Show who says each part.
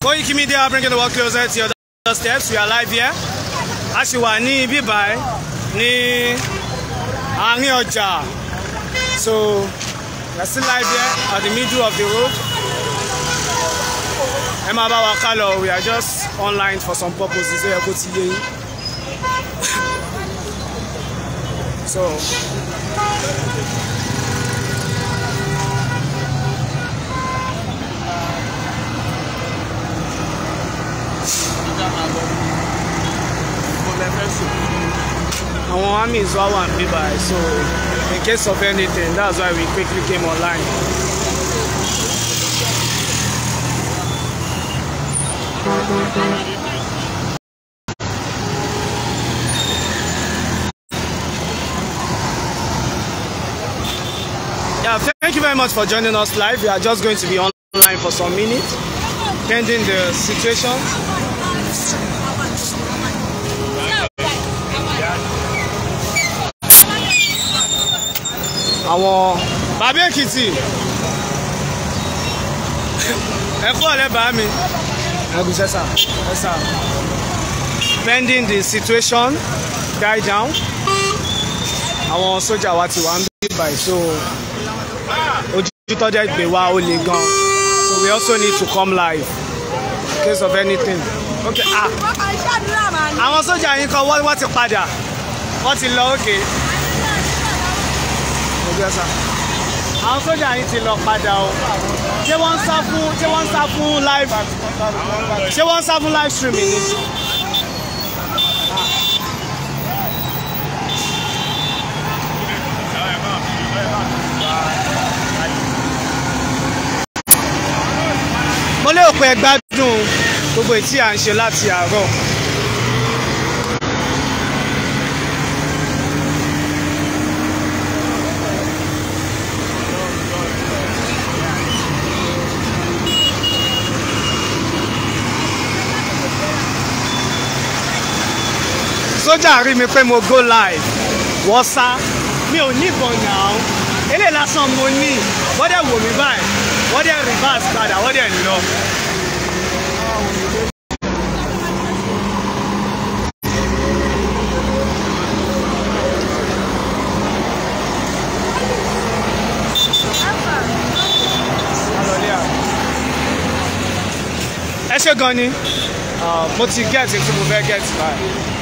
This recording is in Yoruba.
Speaker 1: Koiki Media bringing the world closer to your doorsteps. We are live here. A ṣì wà ní ibi báyìí ní àárín ọjà. So we are still live here at the middle of the road. Ẹ máa bá wa ká lọ, we are just online for some purposes. Ó yẹ kó ti yé yín. So. àwọn army is all one bíbá so in case of anything that's why we quickly came online. Thank thank you very much for joining us live. We are just going to be online for some minutes, pending the situation àwọn. bàbá èkìtì ẹ̀kọ́ ọ̀lẹ́ bá mi. ẹ̀gùn sẹ́sà sẹ́sà. Pending the situation die down àwọn sójà wa ti wà ń bí báyìí so ojú tọ́jà ìgbé wa ó le gan so we also need to come live in case of anything. Ah. àwọn sójà yín kan wọ́n ti padà wọ́n ti lọ òkè àwọn sójà yín ti lọ padà o ṣé wọ́n ń sá fún ṣé wọ́n ń sá fún live ṣé wọ́n ń sá fún live streaming ni. mo lérò pé ẹ gbádùn gbogbo èyí tí à ń ṣe láti àárọ̀. sójà rí mi pé mo go live wọ́n sá mi ò níbọn yàn án eléyìí lásán mo ní wọ́n dẹ̀ wò mí báyìí wọ́n dẹ̀ reverse padà wọ́n dẹ̀ lọ. ẹ ṣé gan ni mo ti gẹ́ẹ̀tì tí mo fẹ́ gẹ́ẹ̀tì báyìí.